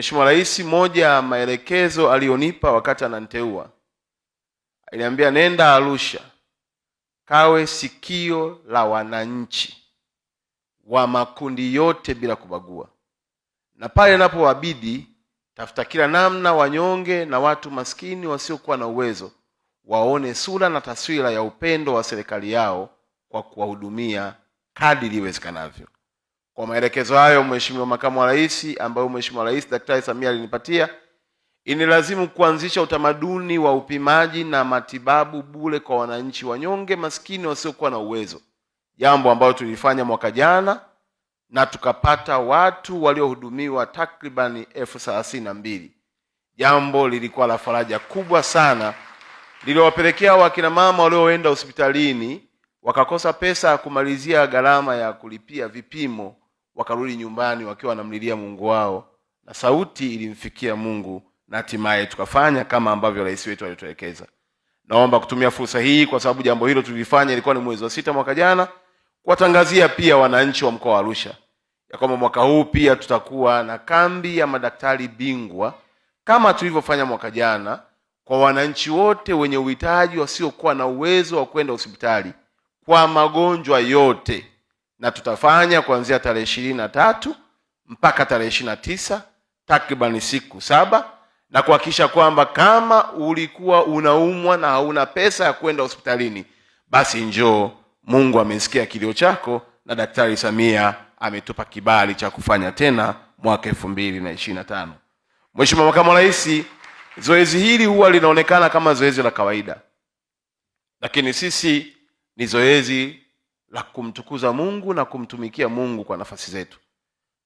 Mheshimiwa Rais, moja ya maelekezo aliyonipa wakati ananiteua aliniambia, nenda Arusha kawe sikio la wananchi wa makundi yote bila kubagua, na pale inapowabidi tafuta kila namna wanyonge na watu maskini wasiokuwa na uwezo waone sura na taswira ya upendo wa serikali yao kwa kuwahudumia kadri iwezekanavyo. Kwa maelekezo hayo, Mheshimiwa Makamu wa Rais, ambayo Mheshimiwa Rais Daktari Samia alinipatia, inilazimu kuanzisha utamaduni wa upimaji na matibabu bure kwa wananchi wanyonge, maskini, wasiokuwa na uwezo, jambo ambalo tulifanya mwaka jana na tukapata watu waliohudumiwa takribani elfu thelathini na mbili. Jambo lilikuwa la faraja kubwa sana, liliwapelekea wakina mama walioenda hospitalini wakakosa pesa ya kumalizia gharama ya kulipia vipimo wakarudi nyumbani wakiwa wanamlilia Mungu wao, na sauti ilimfikia Mungu na hatimaye tukafanya kama ambavyo rais wetu alituelekeza. Naomba kutumia fursa hii kwa sababu jambo hilo tulifanya, ilikuwa ni mwezi wa sita mwaka jana, kuwatangazia pia wananchi wa mkoa wa Arusha ya kwamba mwaka huu pia tutakuwa na kambi ya madaktari bingwa kama tulivyofanya mwaka jana, kwa wananchi wote wenye uhitaji wasiokuwa na uwezo wa kwenda hospitali kwa magonjwa yote na tutafanya kuanzia tarehe ishirini na tatu mpaka tarehe ishirini na tisa takriban siku saba, na kuhakikisha kwamba kama ulikuwa unaumwa na hauna pesa ya kwenda hospitalini, basi njoo. Mungu amesikia kilio chako na Daktari Samia ametupa kibali cha kufanya tena mwaka elfu mbili na ishirini na tano. Mheshimiwa Makamu wa Rais, zoezi hili huwa linaonekana kama zoezi la kawaida, lakini sisi ni zoezi la kumtukuza Mungu na kumtumikia Mungu kwa nafasi zetu.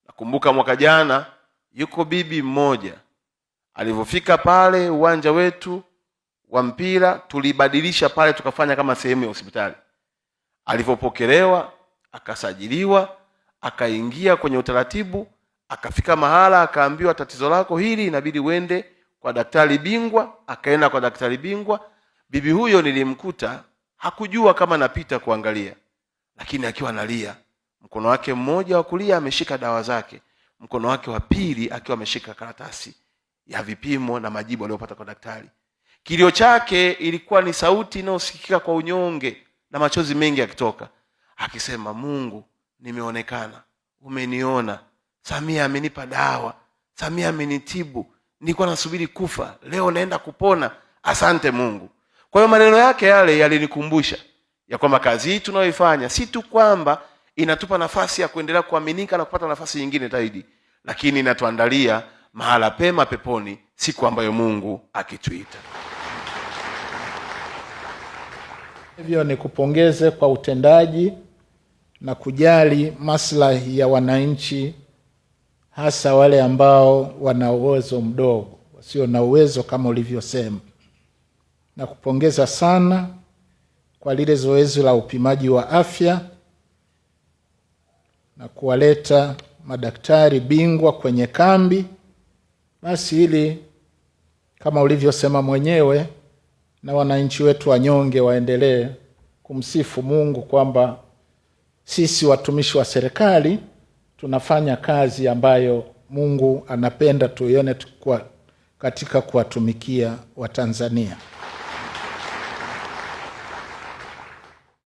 Nakumbuka mwaka jana, yuko bibi mmoja alivyofika pale uwanja wetu wa mpira, tulibadilisha pale tukafanya kama sehemu ya hospitali. Alivyopokelewa akasajiliwa, akaingia kwenye utaratibu, akafika mahala akaambiwa, tatizo lako hili, inabidi uende kwa daktari bingwa. Akaenda kwa daktari bingwa. Bibi huyo nilimkuta hakujua kama napita kuangalia lakini akiwa analia, mkono wake mmoja wa kulia ameshika dawa zake, mkono wake wa pili akiwa ameshika karatasi ya vipimo na majibu aliyopata kwa daktari. Kilio chake ilikuwa ni sauti inayosikika kwa unyonge na machozi mengi akitoka, akisema, Mungu, nimeonekana, umeniona, Samia amenipa dawa, Samia amenitibu, nilikuwa nasubiri kufa, leo naenda kupona, asante Mungu. Kwa hiyo maneno yake yale yalinikumbusha ya kwamba kazi hii tunayoifanya si tu kwamba inatupa nafasi ya kuendelea kuaminika na kupata nafasi nyingine zaidi, lakini inatuandalia mahala pema peponi siku ambayo Mungu akituita. Hivyo nikupongeze kwa utendaji na kujali maslahi ya wananchi, hasa wale ambao wana uwezo mdogo, wasio na uwezo kama ulivyosema. Nakupongeza sana kwa lile zoezi la upimaji wa afya na kuwaleta madaktari bingwa kwenye kambi, basi hili kama ulivyosema mwenyewe na wananchi wetu wanyonge waendelee kumsifu Mungu kwamba sisi watumishi wa serikali tunafanya kazi ambayo Mungu anapenda tuione katika kuwatumikia Watanzania.